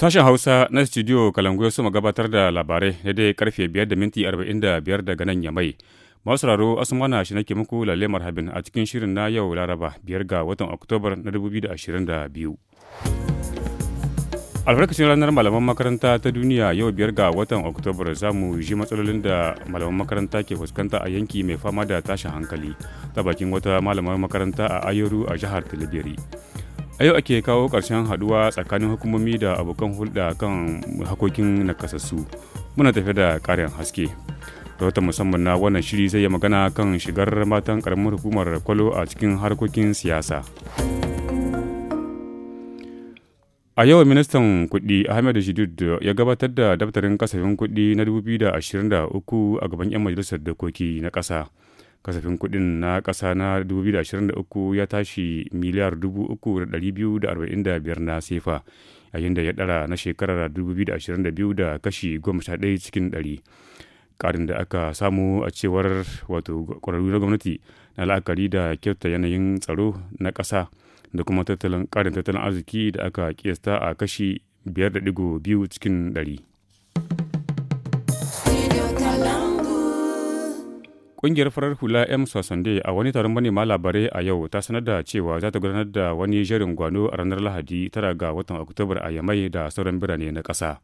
Sashen Hausa na studio Kalangu ya soma gabatar da labarai daidai karfe 5 da minti 45 daga nan ya mai. Masu raro Asmana shi nake muku lalle marhabin a cikin shirin na yau Laraba biyar ga watan Oktobar na 2022. Albarkacin ranar malaman makaranta ta duniya yau biyar ga watan Oktobar za mu ji matsalolin da malaman makaranta ke fuskanta a yanki mai fama da tashin hankali ta bakin wata malamar makaranta a Ayoru a jihar Tilibiri. a yau ake kawo ƙarshen haɗuwa tsakanin hukumomi da abokan hulɗa kan hakokin nakasassu muna tafi da ƙarin haske rahoton musamman na wannan shiri zai yi magana kan shigar matan ƙaramin hukumar kwalo a cikin harkokin siyasa a yau ministan kuɗi ahmed shidid ya gabatar da daftarin kasafin kuɗi na 2023 a gaban 'yan majalisar dokoki na ƙasa kasafin kudin na kasa na 2023 ya tashi miliyar 3,245 na sefa yayin da ya dara na shekarar 2022 da kashi 11 cikin 100 karin da aka samu a cewar wato ƙwararru na gwamnati na la'akari da kyauta yanayin tsaro na ƙasa da kuma ƙarin tattalin arziki da aka kiyasta a kashi 5.2 cikin 100 Ƙungiyar farar hula M. Sosande a wani taron manema labarai a yau ta sanar da cewa za ta gudanar da wani jerin gwano a ranar Lahadi tara ga watan Oktobar a Yamai da sauran birane na ƙasa.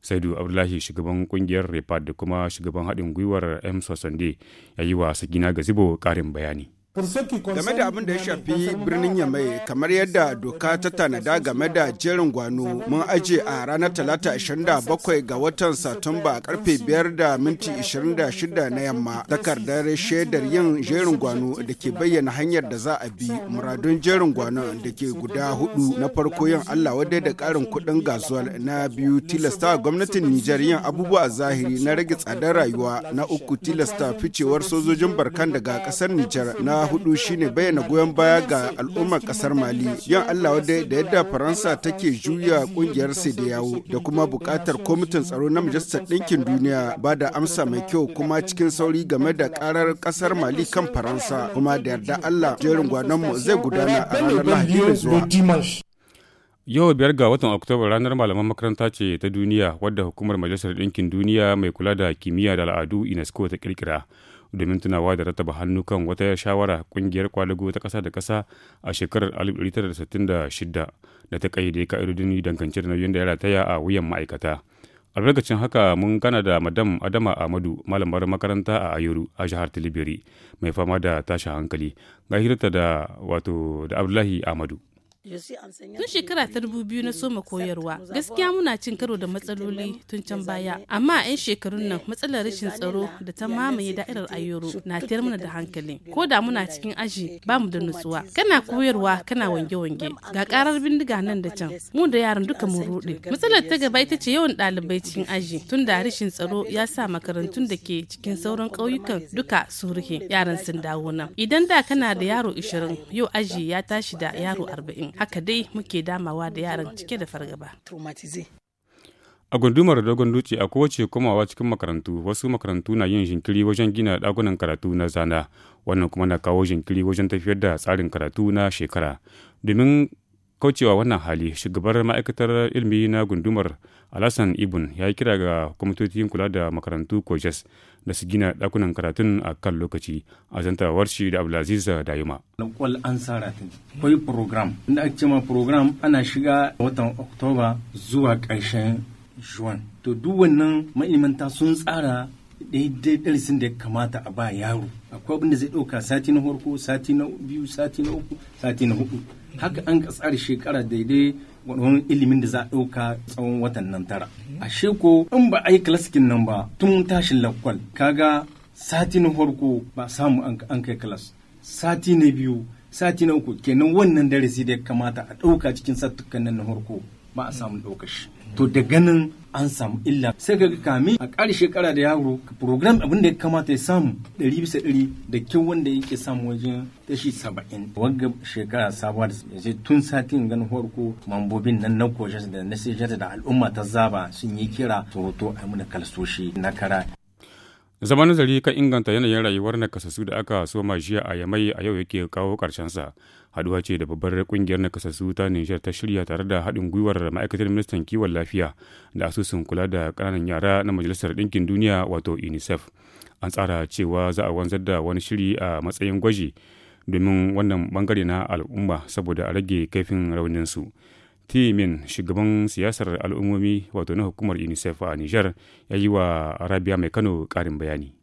Saidu Abdullahi shugaban ƙungiyar Repad da kuma shugaban haɗin gwiwar M. Sosande ya yi wa Sagina Gazibo ƙarin bayani. game da abin da ya shafi birnin yamai kamar yadda doka ta tanada game da jerin gwano mun aje a ranar talata 27 ga watan satumba karfe 5 da minti 26 na yamma takardar shaidar yin jerin gwano da ke bayyana hanyar da za a bi muradun jerin gwano da ke guda hudu na farko yin allah wadai da karin kudin gasuwar na biyu tilasta gwamnatin nijar yin abubuwa zahiri na rage tsadar rayuwa na uku tilasta ficewar sojojin barkan daga kasar nijar na hudu shine bayyana goyon baya ga al'ummar kasar Mali. Yan Allah wadda da yadda Faransa take juya kungiyar sai da yawo da kuma bukatar kwamitin tsaro na Majalisar ɗinkin Duniya ba da amsa mai kyau kuma cikin sauri game da karar kasar Mali kan Faransa kuma da yarda Allah jerin gwanonmu zai gudana a ranar Lahadi da zuwa. Yau biyar ga watan Oktoba ranar malaman makaranta ce ta duniya wadda hukumar Majalisar Ɗinkin Duniya mai kula da kimiyya da al'adu UNESCO ta kirkira. domin tunawa da rattaba hannu kan wata shawara kungiyar kwalago ta kasa da kasa a shekarar 1966 da ta kayyade ka'idodin dangance da nauyin da ya rataya a wuyan ma'aikata. albarkacin haka mun gana da madam adama amadu malamar makaranta a ayuru a jihar tilibiri mai fama da tashin hankali ga hirarta da wato da abdullahi amadu Tun shekara ta dubu biyu na soma koyarwa, gaskiya muna cin karo da matsaloli tun can baya, amma a 'yan shekarun nan matsalar rashin tsaro da ta mamaye da'irar ayoro na tayar mana da hankali. Ko da muna cikin aji ba mu da nutsuwa, kana koyarwa kana wange-wange, ga karar bindiga nan da can, mu da yaran duka mun ruɗe. Matsalar ta gaba ita ce yawan ɗalibai cikin aji, tun da rashin tsaro ya sa makarantun da ke cikin sauran ƙauyukan duka su rufe, yaran sun dawo nan. Idan da kana da yaro 20, yau aji ya tashi da yaro arba'in. haka dai muke damawa da yaran cike da fargaba a gundumar dogon dutse a kowace komawa cikin makarantu wasu makarantu na yin jinkiri wajen gina dagunan karatu na zana wannan kuma na kawo jinkiri wajen tafiyar da tsarin karatu na shekara domin kaucewa wannan hali shugabar ma'aikatar ilimi na gundumar alasan ibun ya yi kira ga kwamitocin kula da makarantu kojes da su gina ɗakunan karatun a kan lokaci a zantawar shi da abdulaziz dayuma. kwal an sara ta kwai program inda ake cema program ana shiga watan oktoba zuwa ƙarshen juan to duk wannan ma'ilmanta sun tsara daidai darasin da ya kamata a ba yaro akwai abin da zai ɗauka sati na farko sati na biyu sati na uku sati na hudu haka an ka tsara shekara daidai wani ilimin da za a ɗauka tsawon watan nan tara a ko in ba a yi klasikin nan ba tun tashin lakwal kaga sati na farko ba samu an kai kilas sati na biyu sati na uku kenan wannan darasi da ya kamata a ɗauka cikin sattukan nan na farko ba a samu ɗaukashi. to da ganin an samu illa sai ka kami a ƙari shekara da yaro program abin da ya kamata ya samu ɗari bisa ɗari da kyau wanda yake samu wajen tashi saba'in wagga shekara sabuwa da sai tun satin ganin farko mambobin nan na koshe da na da al'umma ta zaba sun yi kira tsoroto a muna kalsoshi na kara zaman nazari kan inganta yanayin rayuwar na kasasu da aka soma jiya a yamai a yau yake kawo sa haduwa ce da babbar kungiyar nakasassu ta nijar ta shirya tare da haɗin gwiwar ma'aikatar ministan kiwon lafiya da asusun kula da ƙananan yara na majalisar ɗinkin duniya wato unicef an tsara cewa za a wanzar da wani shiri a matsayin gwaji domin wannan bangare na al'umma saboda a rage kaifin raunin su timin shugaban siyasar al'ummomi wato na hukumar unicef a nijar ya yi wa arabiya mai kano ƙarin bayani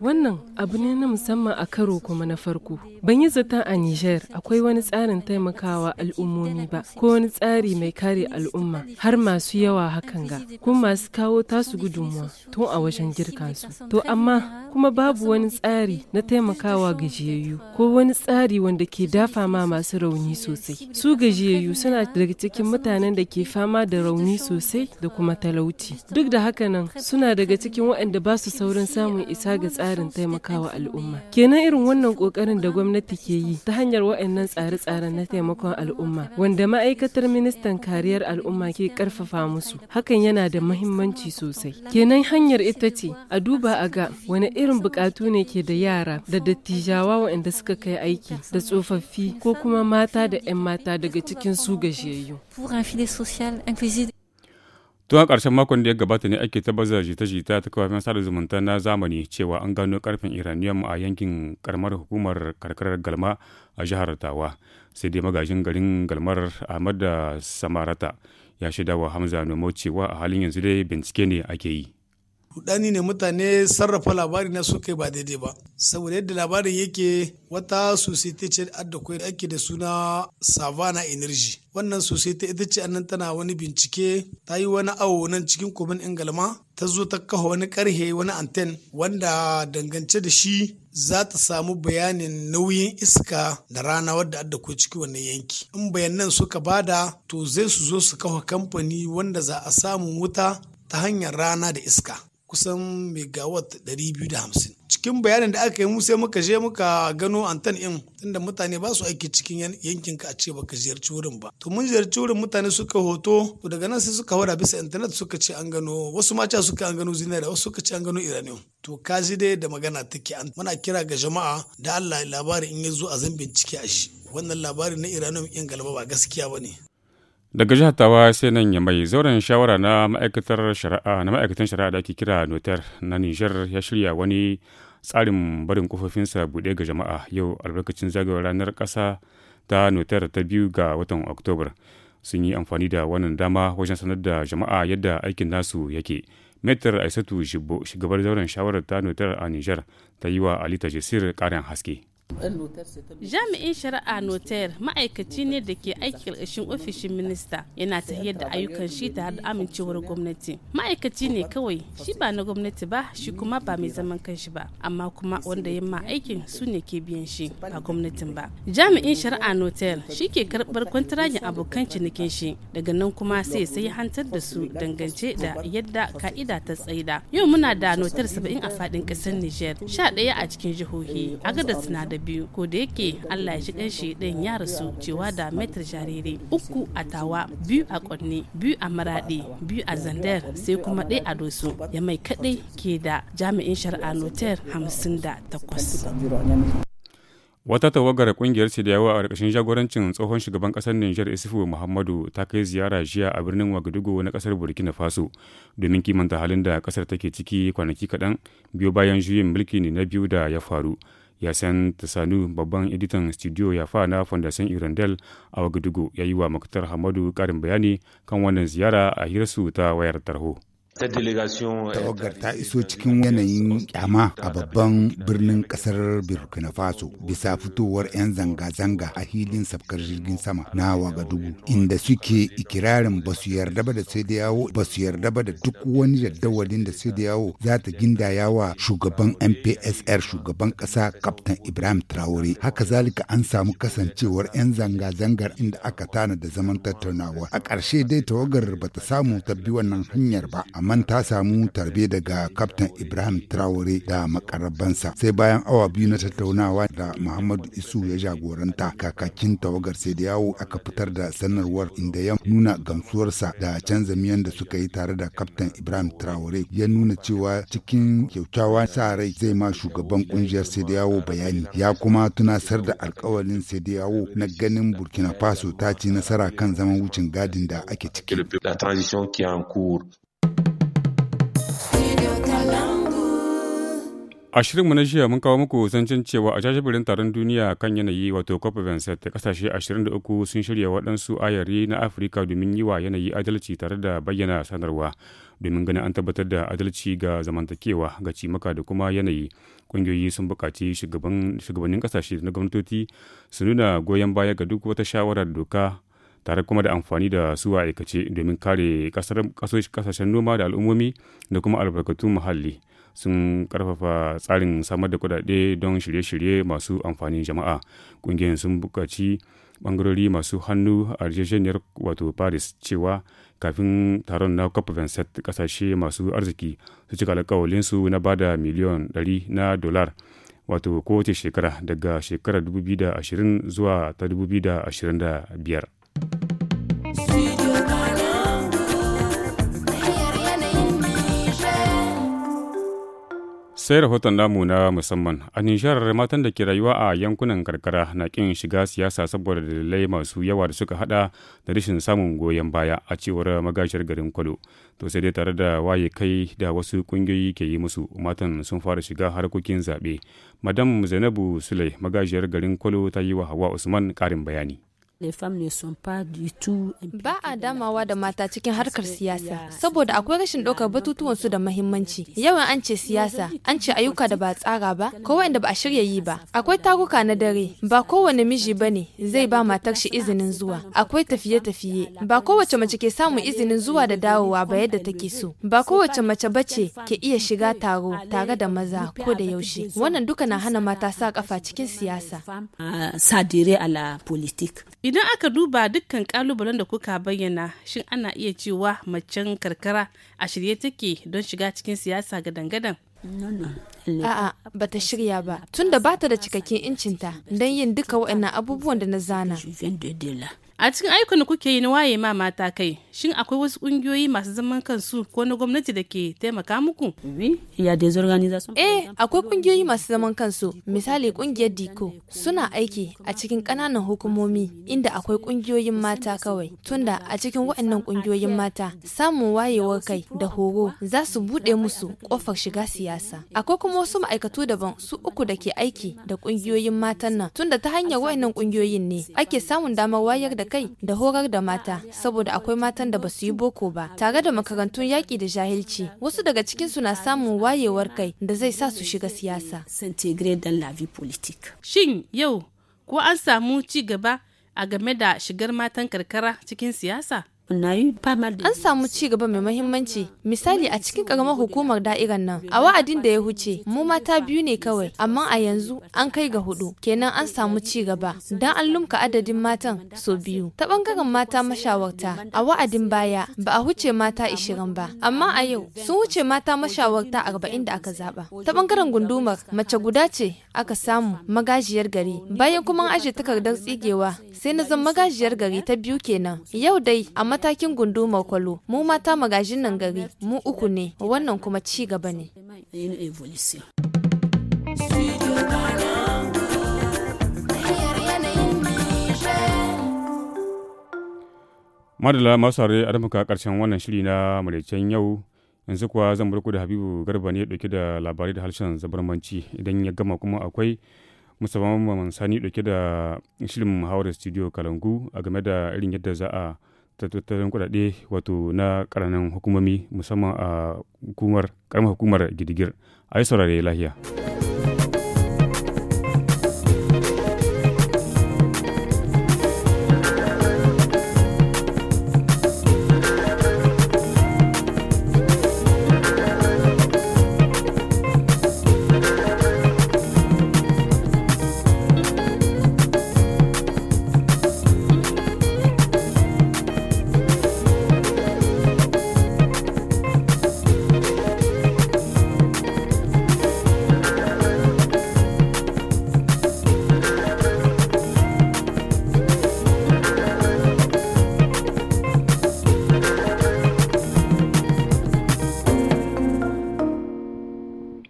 Wannan abu ne na musamman a karo kuma na farko. Ban yi zaton a Nijar akwai wani tsarin taimakawa al'ummomi ba, ko wani tsari mai kare al'umma har masu yawa hakan ga, kuma masu kawo tasu gudunmuwa tun a wajen girkansu. To amma kuma babu wani tsari na taimakawa gajiyayyu ko wani tsari wanda ke dafa ma masu rauni sosai. Su gajiyayyu suna daga cikin mutanen da ke fama da rauni sosai da kuma talauci. Duk da haka nan suna daga cikin waɗanda ba su saurin samun isa ga tsarin taimakawa al'umma. Kenan irin wannan ƙoƙarin da gwamnati ke yi ta hanyar waɗannan tsare-tsaren na taimakon al'umma wanda ma'aikatar ministan kariyar al'umma ke ƙarfafa musu. Hakan yana da muhimmanci sosai. Kenan hanyar ita ce a duba a ga wani irin buƙatu ne ke da yara da dattijawa waɗanda suka kai aiki da tsofaffi ko kuma mata da 'yan mata daga cikin su gajiyayyu. Pour tun a ƙarshen makon da ya gabata ne ake tabbatar jita-jita ta kafin sada zumunta na zamani cewa an gano karfin iranium a yankin karamar hukumar karkarar galma a jihar tawa sai dai magajin garin galmar ahmad da samarata ya shaida wa hamza nomo cewa a halin yanzu dai bincike ne ake yi rudani ne mutane sarrafa labari na suka yi ba daidai ba saboda yadda labarin yake wata society ce adda kwai ake da suna savana energy wannan society ita ce annan tana wani bincike ta yi wani awo nan cikin kumin ingalma ta zo ta kafa wani karhe wani anten wanda dangance da shi za ta samu bayanin nauyin iska da rana wadda adda ko ciki wannan yanki in bayanan suka bada to zai su zo su kafa kamfani wanda za a samu wuta ta hanyar rana da iska kusan megawatt hamsin cikin bayanin da aka yi mu sai muka je muka gano antan in tunda mutane ba su aiki cikin yankin ka a ce baka ziyarci wurin ba to mun ziyarci wurin mutane suka hoto to daga nan sai suka hura bisa internet suka ce an gano wasu mata suka an gano zinari wasu suka ce an gano iranium to kaji dai da magana take an muna kira ga jama'a da Allah labarin in ya zo a zan bincike a shi wannan labarin na iranium in galaba ba gaskiya bane daga jihar tawa sai nan ya mai zauren shawara na ma'aikatar shari'a na ma'aikatan shari'a da ake kira notar na niger ya shirya wani tsarin barin kofofinsa buɗe ga jama'a yau albarkacin zagayowar ranar ƙasa ta notar ta biyu ga watan oktobar sun yi amfani da wannan dama wajen sanar da jama'a yadda aikin nasu yake metar aisatu shibbo shugabar zauren shawarar ta notar a niger ta yi wa alita jesir ƙarin haske Jami'in shari'a notar ma'aikaci ne da ke aiki ƙarƙashin ofishin minista yana tafiyar da ayyukan shi tare da amincewar gwamnati. Ma'aikaci ne kawai shi ba na gwamnati ba shi kuma ba mai zaman kanshi ba amma kuma wanda ya ma aikin su ne ke biyan shi ba gwamnatin ba. Jami'in shari'a notar shi ke karɓar kwantiragin abokan cinikin shi daga nan kuma sai sai hantar da su dangance da yadda ka'ida ta tsaida. Yau muna da notar saba'in a faɗin ƙasar Nijar, sha ɗaya a cikin jihohi, da sinadar da biyu ko da yake allah ya shi dan ya rasu cewa da metar jariri uku a tawa biyu a kwanne biyu a maraɗi biyu a zandar sai kuma ɗaya a doso ya mai kaɗai ke da jami'in shari'a notar hamsin da takwas wata tawagar kungiyar sidiyawa a ƙarƙashin jagorancin tsohon shugaban ƙasar Nijar Isufu Muhammadu ta kai ziyara jiya a birnin Wagadugu na ƙasar Burkina Faso domin kimanta halin da ƙasar take ciki kwanaki kaɗan biyo bayan juyin mulki ne na biyu da ya faru. yasan tasanu babban editan studio ya fa na fondasan irandel a wagadugu ya yi wa muktar hamadu karin bayani kan wannan ziyara a hirarsu ta wayar tarho. Eh, tawagar ta iso cikin yanayin kyama a babban birnin kasar burkina faso bisa fitowar 'yan zanga-zanga a hilin safkar jirgin sama na wagadugu inda suke ikirarin ba su yarda ba da sai da ba su yarda ba da duk wani jaddawalin da sai da yawo za ta gindaya wa shugaban mpsr shugaban kasa kaptan ibrahim traore haka zalika an samu kasancewar 'yan zanga-zangar inda aka tana da zaman tattaunawa a ƙarshe dai tawagar ba ta samu ta bi wannan hanyar ba amma ta samu tarbe daga kaftan Ibrahim Traore da makarabansa sai bayan awa biyu na tattaunawa da Muhammadu Isu ya jagoranta kakakin tawagar sai da yawo aka fitar da sanarwar inda ya nuna gamsuwarsa da canza miyan da suka yi tare da kaftan Ibrahim Traore ya nuna cewa cikin kyaukyawa sa rai zai ma shugaban kungiyar sai da yawo bayani ya kuma tunasar da alkawalin sai da yawo na ganin Burkina Faso ta ci nasara kan zaman wucin gadin da ake ciki. A shirinmu na jiya mun kawo muku zancen cewa a jajibirin taron duniya kan yanayi wato COP27 da kasashe 23 sun shirya waɗansu ayari na Afirka domin yi wa yanayi adalci tare da bayyana sanarwa domin ganin an tabbatar da adalci ga zamantakewa ga cimaka da kuma yanayi. Ƙungiyoyi sun buƙaci shugabannin kasashe na gwamnatoci su nuna goyon baya ga duk wata shawarar doka tare kuma da amfani da su a aikace domin kare kasashen noma da al'ummomi da kuma albarkatun muhalli. sun karfafa tsarin samar da kudade don shirye-shirye masu amfanin jama'a kungiyar sun buƙaci bangarori masu hannu a rijiyar wato paris cewa kafin taron na cop 27 kasashe masu arziki su cika alkawalinsu na bada miliyon 100 na dolar wato kowace shekara daga shekarar 2020 zuwa ta 2025 sai rahoton namu na musamman a nishar matan da ke rayuwa a yankunan karkara na kin shiga siyasa saboda dalilai masu yawa da suka hada da rashin samun goyon baya a cewar magashar garin kwalo to sai dai tare da waye kai da wasu kungiyoyi ke yi musu matan sun fara shiga harkokin zaɓe madam zainabu sule magashiyar garin kwalo ta yi wa hawa usman ƙarin bayani Ba a damawa da mata cikin harkar siyasa, saboda akwai rashin ɗaukar batutuwan su da mahimmanci. Yawan an ce siyasa, an ce ayyuka da ba tsara ba, ko wanda ba a shirya yi ba. Akwai taruka na dare, ba kowane miji ba ne zai ba matar shi izinin zuwa. Akwai tafiye-tafiye, ba kowace mace ke samun izinin zuwa da dawowa ba yadda take so. Ba kowace mace ba ce ke iya shiga taro tare da maza ko da yaushe. Wannan duka na hana mata sa kafa cikin siyasa. Sadire ala idan aka duba dukkan kalubalen da kuka bayyana shin ana iya cewa macen karkara a shirye take don shiga cikin siyasa gadan-gadan A'a, ba ta shirya ba, tunda da ba ta da cikakken incinta don yin duka waɗannan abubuwan da na zana. A cikin ayyukan da kuke yi na waye ma mata kai, shin akwai wasu kungiyoyi masu zaman kansu ko na gwamnati da ke taimaka muku? Eh, akwai ƙungiyoyi masu zaman kansu, misali ƙungiyar Diko, suna aiki a cikin ƙananan hukumomi inda akwai ƙungiyoyin mata kawai. Tunda a cikin waɗannan ƙungiyoyin mata, samun wayewar kai da horo za su buɗe musu ƙofar shiga siyasa. Akwai kuma wasu ma'aikatu daban su uku da ke aiki da ƙungiyoyin matan nan, tunda ta hanyar waɗannan kungiyoyin ne ake samun damar wayar da da kai da horar da mata saboda akwai matan da basu yi boko ba tare da makarantun yaƙi da jahilci wasu daga cikin su na samun wayewar kai da zai sa su shiga siyasa. Shin yau ko an samu ci gaba a game da shigar matan karkara cikin siyasa? An samu ci gaba mai mahimmanci. Misali a cikin karamar hukumar da'irar nan, a wa'adin da ya huce, mu mata biyu ne kawai, amma a yanzu an kai ga hudu. Kenan an samu ci gaba, don an lumka adadin matan so biyu. Ta bangaren mata mashawarta, a wa'adin baya ba a huce mata ishirin ba, amma a yau sun huce mata mashawarta arba'in da aka zaba. Ta bangaren gundumar, mace guda ce aka samu magajiyar gari. Bayan kuma an aje takardar tsigewa, sai na zama magajiyar gari ta biyu kenan. Yau dai a matakin gundu makwalo mu mata magajin nan gari mu uku ne wannan kuma ci gaba ne. madala masu saurari a damuka karshen wannan shiri na maraicen yau yanzu kuwa zan barku da habibu garba ne dauke da labarai da harshen zabarmanci idan ya gama kuma akwai musamman sani dauke da shirin hawar studio kalangu a game da irin yadda za a tattalin kudade wato na karanan hukumomi musamman a hukumar karamar hukumar gidigir a yi saurare lahiya.